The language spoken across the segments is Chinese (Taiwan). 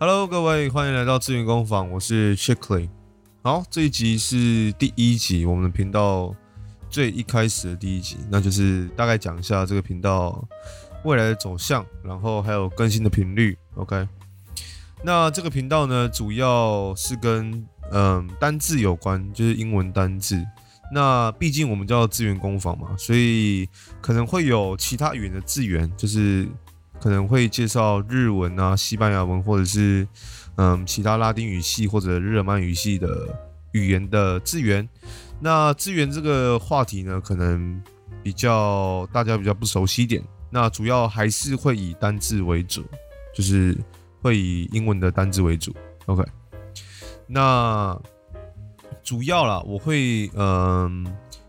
Hello，各位，歡迎來到字源工坊，我是 Chickley。好，這一集是第一集，我們的頻道最一開始的第一集，那就是大概講一下這個頻道未來的走向，然後還有更新的頻率。OK，那這個頻道呢，主要是跟嗯、呃、單字有關，就是英文單字。那畢竟我們叫字源工坊嘛，所以可能會有其他語言的字源，就是。可能會介紹日文啊、西班牙文，或者是嗯其他拉丁語系或者日耳曼語系的語言的字源。那字源這個話題呢，可能比較大家比較不熟悉一點。那主要還是會以單字為主，就是會以英文的單字為主。OK，那主要啦，我會嗯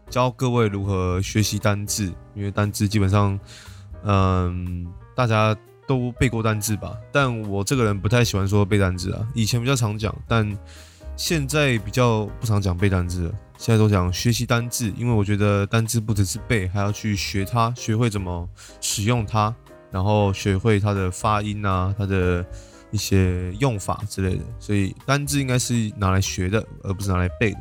教各位如何學習單字，因為單字基本上嗯。大家都背過單字吧，但我這個人不太喜歡說背單字啊。以前比較常講，但現在比較不常講背單字了。現在都講學習單字，因為我覺得單字不只是背，還要去學它，學會怎麼使用它，然後學會它的發音啊，它的一些用法之類的。所以，單字應該是拿來學的，而不是拿來背的。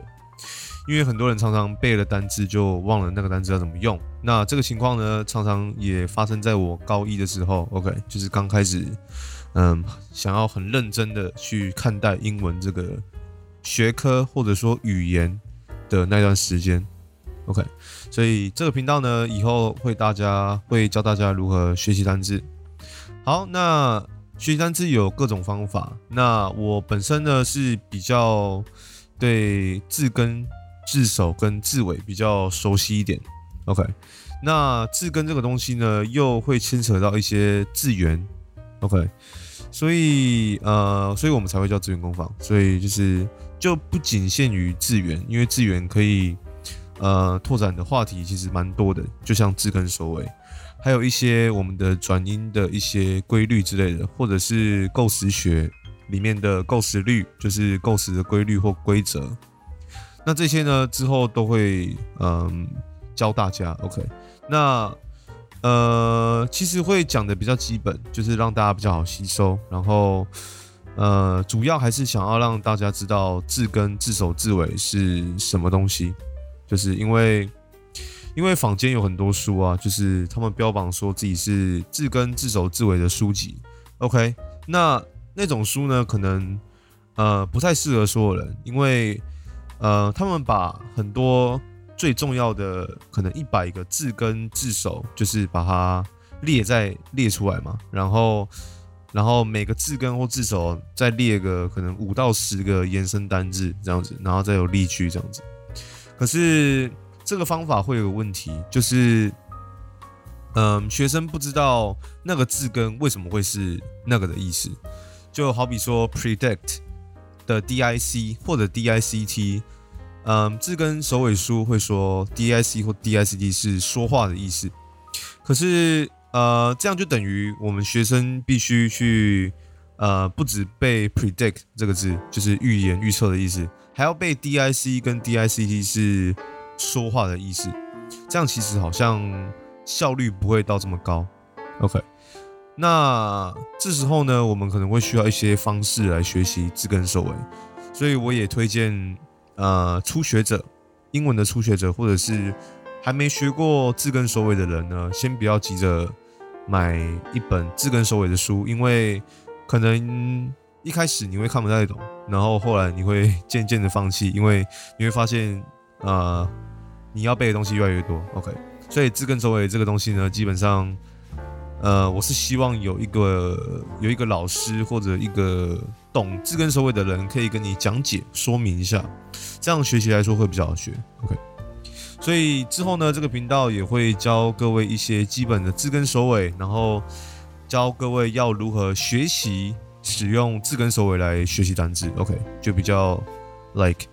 因為很多人常常背了單字就忘了那個單字要怎麼用，那這個情況呢，常常也發生在我高一的時候。OK，就是剛開始，嗯，想要很認真的去看待英文這個學科或者說語言的那段時間。OK，所以這個頻道呢，以後會大家會教大家如何學習單字。好，那學習單字有各種方法。那我本身呢，是比較對字根。字首跟字尾比較熟悉一點，OK。那字根這個東西呢，又會牽扯到一些字源，OK。所以呃，所以我們才會叫字源工坊。所以就是就不僅限於字源，因為字源可以呃拓展的話題其實蠻多的，就像字根首尾，還有一些我們的轉音的一些規律之類的，或者是構詞學裡面的構詞律，就是構詞的規律或規則。那這些呢，之後都會嗯、呃、教大家。OK，那呃，其實會講得比較基本，就是讓大家比較好吸收。然後呃，主要還是想要讓大家知道字根字首字尾是什麼東西。就是因為因為坊間有很多書啊，就是他們標榜說自己是字根字首字尾的書籍。OK，那那種書呢，可能呃不太適合所有人，因為。呃，他們把很多最重要的可能一百個字根字首，就是把它列在列出來嘛，然後，然後每個字根或字首再列個可能五到十個延伸單字這樣子，然後再有例句這樣子。可是這個方法會有問題，就是，嗯、呃，學生不知道那個字根為什麼會是那個的意思，就好比說 predict。的 D I C 或者 D I C T，嗯、呃，字根首尾書會說 D I C 或 D I C T 是說話的意思。可是，呃，這樣就等於我們學生必須去，呃，不止背 predict 這個字，就是預言預測的意思，還要背 D I C 跟 D I C T 是說話的意思。這樣其實好像效率不會到這麼高。OK。那這時候呢，我們可能會需要一些方式來學習字根首尾，所以我也推薦呃初學者，英文的初學者或者是還沒學過字根首尾的人呢，先不要急着買一本字根首尾的書，因為可能一開始你會看不太懂，然後後來你會漸漸的放棄，因為你會發現呃你要背的東西越來越多，OK。所以字根首尾這個東西呢，基本上。呃，我是希望有一個有一個老師或者一個懂字根首尾的人可以跟你講解說明一下，這樣學習來說會比較好學。OK，所以之後呢，這個頻道也會教各位一些基本的字根首尾，然後教各位要如何學習使用字根首尾來學習單字。OK，就比較 like。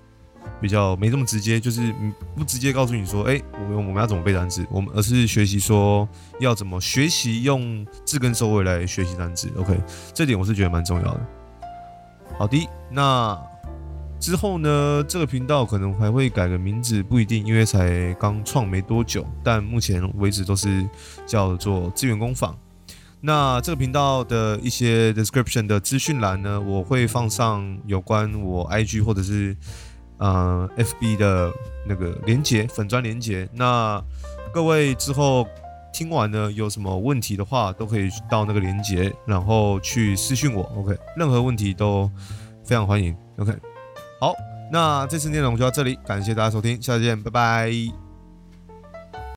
比較沒這麼直接，就是不直接告訴你說，誒、欸，我們我們要怎麼背單詞？我們而是學習說要怎麼學習用字根首尾來學習單詞。OK，這點我是覺得蠻重要的。好的，那之後呢，這個頻道可能還會改個名字，不一定，因為才剛創沒多久。但目前為止都是叫做字源工坊。那這個頻道的一些 description 的資訊欄呢，我會放上有關我 IG 或者是。呃，FB 的那個連結，粉專連結。那各位之後聽完呢，有什麼問題的話，都可以到那個連結，然後去私訊我，OK？任何問題都非常歡迎，OK？好，那這次內容就到這裡，感謝大家收聽，下次見，拜拜。